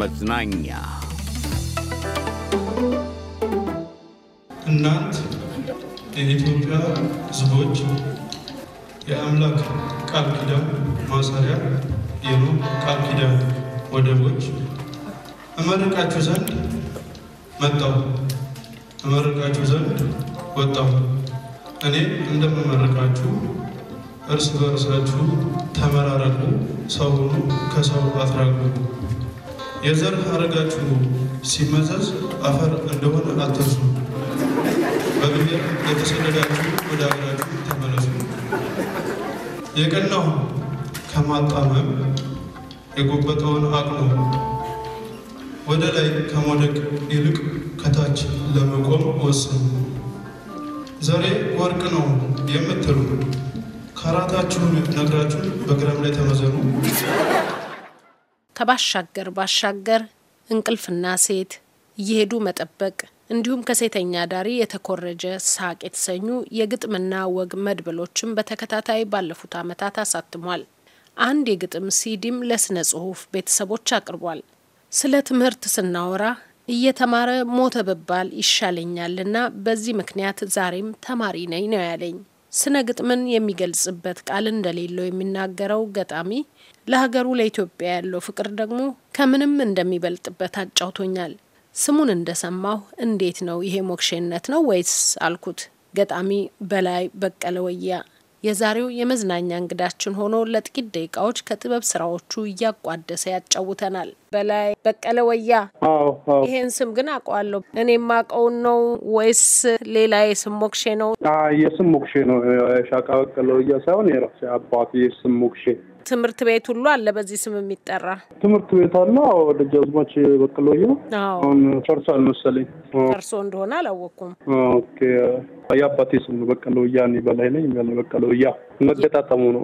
መዝናኛ እናንት የኢትዮጵያ ሕዝቦች የአምላክ ቃል ኪዳን ማሰሪያ የኖህ ቃል ኪዳን ወደቦች እመርቃችሁ ዘንድ መጣው እመርቃችሁ ዘንድ ወጣሁ። እኔ እንደምመርቃችሁ እርስ በርሳችሁ ተመራረቁ፣ ሰው ሁኑ ከሰው አትራቁ። የዘር ሐረጋችሁ ሲመዘዝ አፈር እንደሆነ አትርሱ። በብሔር የተሰደዳችሁ ወደ ሀገራችሁ ተመለሱ። የቀናው ከማጣመም የጎበጠውን አቅሙ ወደ ላይ ከመውደቅ ይልቅ ከታች ለመቆም ወስኑ። ዘሬ ወርቅ ነው የምትሉ ካራታችሁን ነግራችሁ በግራም ላይ ተመዘኑ። ከባሻገር ባሻገር እንቅልፍና ሴት እየሄዱ መጠበቅ እንዲሁም ከሴተኛ ዳሪ የተኮረጀ ሳቅ የተሰኙ የግጥምና ወግ መድበሎችን በተከታታይ ባለፉት ዓመታት አሳትሟል። አንድ የግጥም ሲዲም ለስነ ጽሑፍ ቤተሰቦች አቅርቧል። ስለ ትምህርት ስናወራ እየተማረ ሞተ ብባል ይሻለኛልና በዚህ ምክንያት ዛሬም ተማሪ ነኝ ነው ያለኝ። ስነ ግጥምን የሚገልጽበት ቃል እንደሌለው የሚናገረው ገጣሚ ለሀገሩ ለኢትዮጵያ ያለው ፍቅር ደግሞ ከምንም እንደሚበልጥበት አጫውቶኛል። ስሙን እንደሰማሁ እንዴት ነው ይሄ ሞክሼነት ነው ወይስ አልኩት። ገጣሚ በላይ በቀለ ወያ የዛሬው የመዝናኛ እንግዳችን ሆኖ ለጥቂት ደቂቃዎች ከጥበብ ስራዎቹ እያቋደሰ ያጫውተናል። በላይ በቀለ ወያ፣ ይሄን ስም ግን አውቀዋለሁ። እኔ የማውቀውን ነው ወይስ ሌላ የስም ሞክሼ ነው? የስም ሞክሼ ነው። ሻቃ በቀለ ወያ ሳይሆን የራሴ አባቴ የስም ሞክሼ ትምህርት ቤት ሁሉ አለ በዚህ ስም የሚጠራ ትምህርት ቤት አለ። ወደ ጃዝማች በቀለ ወየነ አሁን ፈርሶ አልመሰለኝ። ፈርሶ እንደሆነ አላወቅኩም። የአባቴ ስም ነው በቀለ ውያ እኔ በላይ ነኝ ያለ በቀለ ውያ መገጣጠሙ ነው።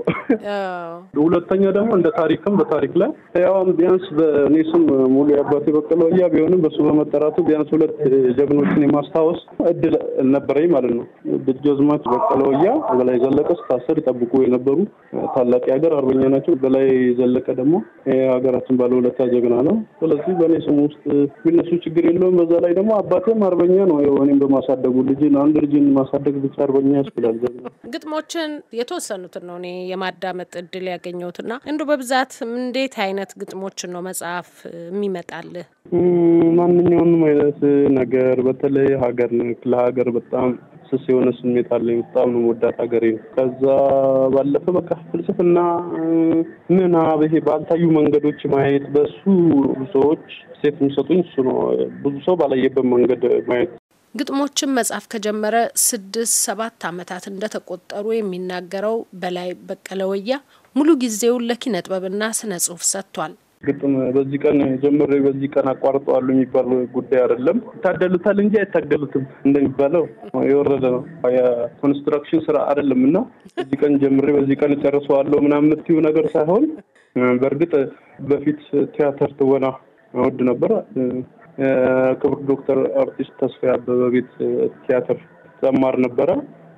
ሁለተኛ ደግሞ እንደ ታሪክም በታሪክ ላይ ያውም ቢያንስ በእኔ ስም ሙሉ የአባቴ በቀለ ውያ ቢሆንም በሱ በመጠራቱ ቢያንስ ሁለት ጀግኖችን የማስታወስ እድል ነበረኝ ማለት ነው። ደጃዝማች በቀለ ውያ በላይ ዘለቀ ስታሰር ይጠብቁ የነበሩ ታላቅ የሀገር አርበኛ ናቸው። በላይ ዘለቀ ደግሞ የሀገራችን ባለውለታ ጀግና ነው። ስለዚህ በእኔ ስም ውስጥ ቢነሱ ችግር የለውም። በዛ ላይ ደግሞ አባቴም አርበኛ ነው። እኔም በማሳደጉ ልጅ አንድ ልጅን ማሳደግ ብቻ አርበኛ ያስችላል። ግጥሞችን የተወሰኑትን ነው እኔ የማዳመጥ እድል ያገኘሁት ያገኘሁትና እንዱ በብዛት እንዴት አይነት ግጥሞችን ነው መጽሐፍ የሚመጣልህ? ማንኛውንም አይነት ነገር በተለይ ሀገር ነክ ለሀገር በጣም ስስ የሆነ ስሜት አለኝ። በጣም ነው የምወዳት ሀገሬ ነው። ከዛ ባለፈ በቃ ፍልስፍና ምናብ ይሄ ባልታዩ መንገዶች ማየት በሱ ሰዎች ሴት የሚሰጡኝ እሱ ነው። ብዙ ሰው ባላየበት መንገድ ማየት ግጥሞችን መጻፍ ከጀመረ ስድስት ሰባት ዓመታት እንደተቆጠሩ የሚናገረው በላይ በቀለ ወያ ሙሉ ጊዜውን ለኪነ ጥበብና ስነ ጽሁፍ ሰጥቷል። ግጥም በዚህ ቀን ጀምሬ በዚህ ቀን አቋርጠዋሉ የሚባል ጉዳይ አይደለም። ይታደሉታል እንጂ አይታገሉትም እንደሚባለው የወረደ ነው። የኮንስትራክሽን ስራ አይደለም እና በዚህ ቀን ጀምሬ በዚህ ቀን እጨርሰዋለሁ ምናምን የምትዩ ነገር ሳይሆን በእርግጥ በፊት ቲያትር ትወና ወድ ነበር ክብር ዶክተር አርቲስት ተስፋ አበበ ቤት ቲያትር ዘማር ነበረ።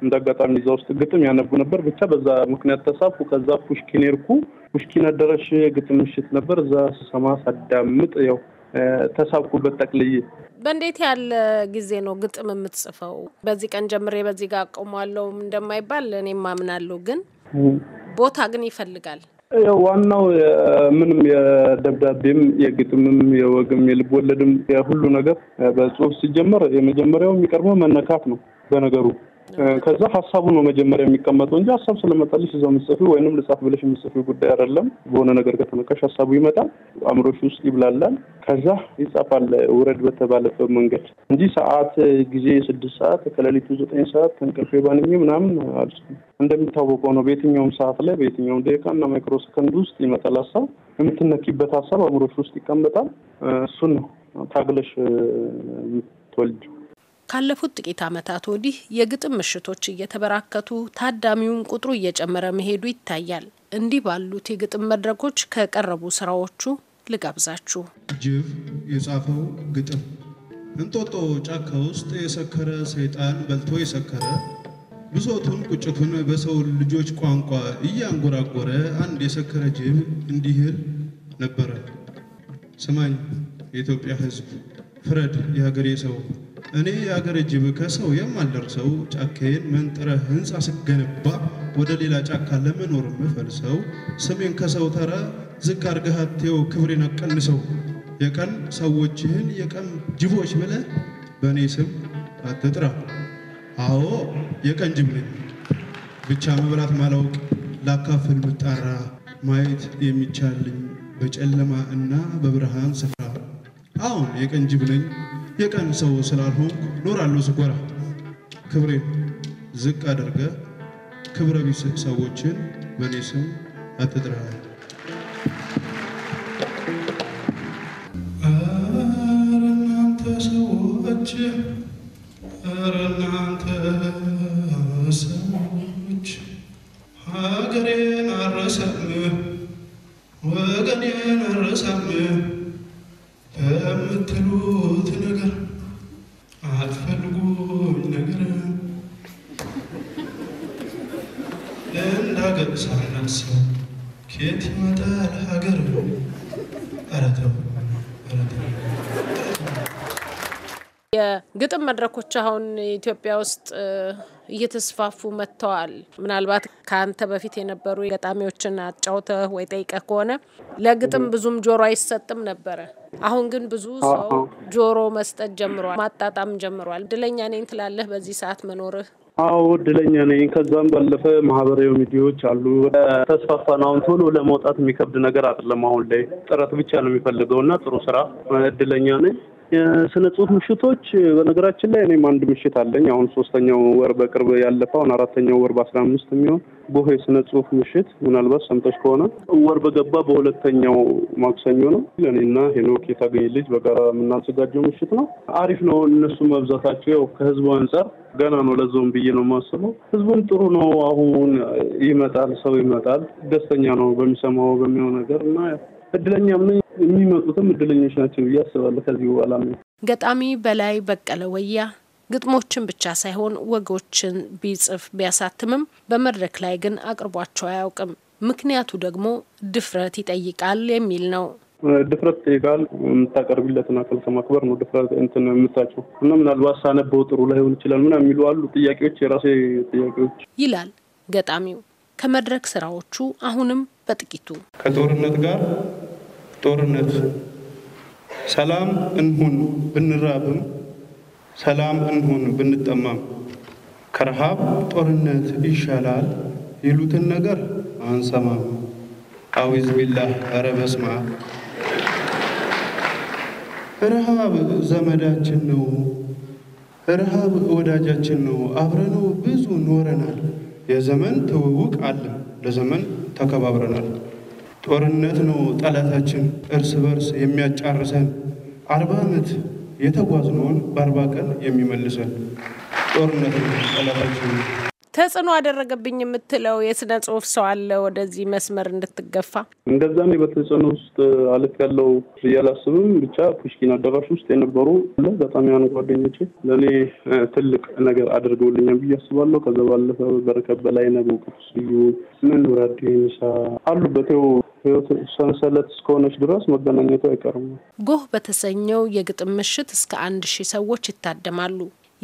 እንደ አጋጣሚ እዛ ውስጥ ግጥም ያነቡ ነበር። ብቻ በዛ ምክንያት ተሳፉ ከዛ ፑሽኪን ሄድኩ። ፑሽኪን አደረሽ የግጥም ምሽት ነበር። እዛ ስሰማ ሳዳምጥ ያው ተሳብኩበት ጠቅልዬ። በእንዴት ያለ ጊዜ ነው ግጥም የምትጽፈው? በዚህ ቀን ጀምሬ በዚህ ጋር አቆሟለሁ እንደማይባል እኔም አምናለሁ። ግን ቦታ ግን ይፈልጋል ዋናው ምንም የደብዳቤም የግጥምም የወግም የልብ ወለድም የሁሉ ነገር በጽሁፍ ሲጀመር የመጀመሪያው የሚቀርበው መነካት ነው በነገሩ ከዛ ሀሳቡ ነው መጀመሪያ የሚቀመጠው እንጂ ሀሳብ ስለመጣልሽ እዛ ምጽፊ ወይንም ልጻፍ ብለሽ የምጽፊ ጉዳይ አይደለም። በሆነ ነገር ከተነካሽ ሀሳቡ ይመጣል፣ አእምሮሽ ውስጥ ይብላላል፣ ከዛ ይጻፋል። ውረድ በተባለበት መንገድ እንጂ ሰዓት ጊዜ ስድስት ሰዓት ከሌሊቱ ዘጠኝ ሰዓት ከእንቅልፌ ባንኜ ምናምን አል እንደሚታወቀው ነው በየትኛውም ሰዓት ላይ በየትኛውም ደቂቃና ማይክሮ ሰከንድ ውስጥ ይመጣል ሀሳብ። የምትነኪበት ሀሳብ አእምሮሽ ውስጥ ይቀመጣል። እሱን ነው ታግለሽ የምትወልጂው። ካለፉት ጥቂት ዓመታት ወዲህ የግጥም ምሽቶች እየተበራከቱ ታዳሚውን ቁጥሩ እየጨመረ መሄዱ ይታያል። እንዲህ ባሉት የግጥም መድረኮች ከቀረቡ ስራዎቹ ልጋብዛችሁ። ጅብ የጻፈው ግጥም እንጦጦ ጫካ ውስጥ የሰከረ ሰይጣን በልቶ የሰከረ ብሶቱን ቁጭቱን በሰው ልጆች ቋንቋ እያንጎራጎረ አንድ የሰከረ ጅብ እንዲህል ነበረ። ስማኝ የኢትዮጵያ ሕዝብ፣ ፍረድ የሀገሬ ሰው እኔ የአገረ ጅብ ከሰው የማልደርሰው ጫካዬን መንጥረ ህንፃ ስገነባ ወደ ሌላ ጫካ ለመኖር ምፈልሰው ስሜን ከሰው ተራ ዝቅ አርገሃቴው ክብሬን አቀንሰው የቀን ሰዎችህን የቀን ጅቦች ብለህ በእኔ ስም አትጥራ። አዎ የቀን ጅብ ነኝ ብቻ መብላት ማላውቅ ላካፍል ምጣራ ማየት የሚቻልኝ በጨለማ እና በብርሃን ስፍራ አሁን የቀን ጅብ ነኝ የቀን ሰው ስላልሆንኩ ኖራለሁ ስኮራ ክብሬ ዝቅ አድርገ ክብረ ቢስ ሰዎችን በእኔ ስም አትጥራ። ኧረ እናንተ ሰዎች፣ ኧረ እናንተ ሰዎች ሀገሬን ወገኔን የምትሉት ነገር አትፈልጉኝ ነገር እንዳገር ሳናስበው ኬት ይመጣል ሀገር ረተው የግጥም መድረኮች አሁን ኢትዮጵያ ውስጥ እየተስፋፉ መጥተዋል። ምናልባት ከአንተ በፊት የነበሩ ገጣሚዎችን አጫውተ ወይ ጠይቀ ከሆነ ለግጥም ብዙም ጆሮ አይሰጥም ነበረ። አሁን ግን ብዙ ሰው ጆሮ መስጠት ጀምሯል፣ ማጣጣም ጀምሯል። እድለኛ ነኝ ትላለህ በዚህ ሰዓት መኖርህ? አዎ እድለኛ ነኝ። ከዛም ባለፈ ማህበራዊ ሚዲያዎች አሉ ተስፋፋን። አሁን ቶሎ ለመውጣት የሚከብድ ነገር አይደለም። አሁን ላይ ጥረት ብቻ ነው የሚፈልገው እና ጥሩ ስራ እድለኛ ነኝ። የስነ ጽሁፍ ምሽቶች በነገራችን ላይ እኔም አንድ ምሽት አለኝ። አሁን ሶስተኛው ወር በቅርብ ያለፈውን አራተኛው ወር በአስራ አምስት የሚሆን ቦሆ የስነ ጽሁፍ ምሽት ምናልባት ሰምተሽ ከሆነ ወር በገባ በሁለተኛው ማክሰኞ ነው። እኔና ሄኖክ የታገኝ ልጅ በጋራ የምናዘጋጀው ምሽት ነው። አሪፍ ነው። እነሱ መብዛታቸው ያው ከህዝቡ አንጻር ገና ነው። ለዛውም ብዬ ነው የማስበው። ህዝቡም ጥሩ ነው። አሁን ይመጣል፣ ሰው ይመጣል፣ ደስተኛ ነው በሚሰማው በሚሆን ነገር እና እድለኛም ነኝ። የሚመጡትም እድለኞች ናቸው ብዬ አስባለሁ። ከዚህ በኋላ ገጣሚ በላይ በቀለ ወያ ግጥሞችን ብቻ ሳይሆን ወጎችን ቢጽፍ ቢያሳትምም በመድረክ ላይ ግን አቅርቧቸው አያውቅም። ምክንያቱ ደግሞ ድፍረት ይጠይቃል የሚል ነው። ድፍረት ይጠይቃል። የምታቀርቢለትን አካል ከማክበር ነው ድፍረት እንትን የምታቸው እና ምናልባት ሳነበው ጥሩ ላይሆን ይችላል ምና የሚሉ አሉ ጥያቄዎች፣ የራሴ ጥያቄዎች ይላል ገጣሚው ከመድረክ ስራዎቹ አሁንም በጥቂቱ ከጦርነት ጋር ጦርነት ሰላም እንሁን ብንራብም ሰላም እንሁን ብንጠማም ከረሃብ ጦርነት ይሻላል ይሉትን ነገር አንሰማም። አዊዝ ቢላህ ኧረ በስመ አብ። ረሃብ ዘመዳችን ነው፣ ረሃብ ወዳጃችን ነው። አብረነው ብዙ ኖረናል። የዘመን ትውውቅ አለ፣ ለዘመን ተከባብረናል። ጦርነት ነው ጠላታችን እርስ በርስ የሚያጫርሰን። አርባ ዓመት የተጓዝነውን በአርባ ቀን የሚመልሰን ጦርነት ነው ጠላታችን። ተጽዕኖ አደረገብኝ የምትለው የስነ ጽሁፍ ሰው አለ ወደዚህ መስመር እንድትገፋ? እንደዛ ነው። በተጽዕኖ ውስጥ አልፍ ያለው እያላስብም ብቻ ፑሽኪን አዳራሽ ውስጥ የነበሩ በጣም ያን ጓደኞቼ ለእኔ ትልቅ ነገር አድርገውልኛል ብዬ አስባለሁ። ከዛ ባለፈ በረከት በላይነህ፣ በእውቀቱ ስዩም፣ መንበራዴ ኒሳ አሉበት ው ህይወት ሰንሰለት እስከሆነች ድረስ መገናኘቱ አይቀርም። ጎህ በተሰኘው የግጥም ምሽት እስከ አንድ ሺህ ሰዎች ይታደማሉ።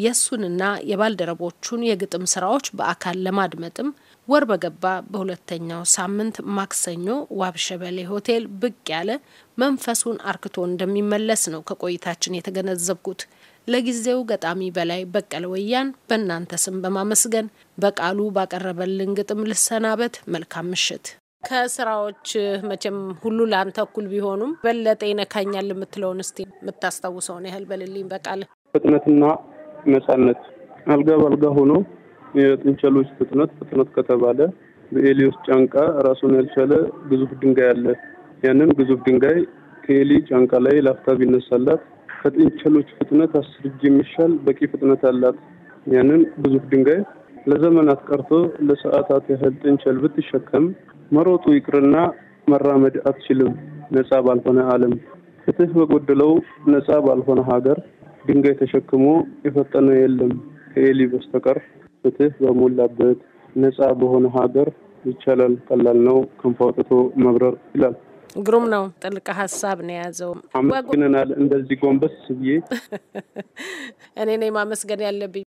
የእሱንና የባልደረቦቹን የግጥም ስራዎች በአካል ለማድመጥም ወር በገባ በሁለተኛው ሳምንት ማክሰኞ ዋብሸበሌ ሆቴል ብቅ ያለ መንፈሱን አርክቶ እንደሚመለስ ነው ከቆይታችን የተገነዘብኩት። ለጊዜው ገጣሚ በላይ በቀለ ወያን በእናንተ ስም በማመስገን በቃሉ ባቀረበልን ግጥም ልሰናበት። መልካም ምሽት። ከስራዎች መቼም ሁሉ ለአንተ እኩል ቢሆኑም በለጠ ይነካኛል የምትለውን እስቲ የምታስታውሰውን ያህል በልልኝ በቃል። ፍጥነትና ነጻነት አልጋ በአልጋ ሆኖ የጥንቸሎች ፍጥነት ፍጥነት ከተባለ በኤሊዮስ ጫንቃ ራሱን ያልቻለ ግዙፍ ድንጋይ አለ። ያንን ግዙፍ ድንጋይ ከኤሊ ጫንቃ ላይ ላፍታ ቢነሳላት ከጥንቸሎች ፍጥነት አስር እጅ የሚሻል በቂ ፍጥነት አላት። ያንን ግዙፍ ድንጋይ ለዘመናት ቀርቶ ለሰዓታት ያህል ጥንቸል ብትሸከም መሮጡ ይቅርና መራመድ አትችልም። ነፃ ባልሆነ ዓለም ፍትህ በጎደለው ነፃ ባልሆነ ሀገር ድንጋይ ተሸክሞ የፈጠነ የለም ከኤሊ በስተቀር። ፍትህ በሞላበት ነፃ በሆነ ሀገር ይቻላል፣ ቀላል ነው ክንፍ አውጥቶ መብረር ይላል። ግሩም ነው። ጥልቅ ሀሳብ ነው የያዘው። አመስግነናል። እንደዚህ ጎንበስ ብዬ እኔ ነኝ ማመስገን ያለብኝ።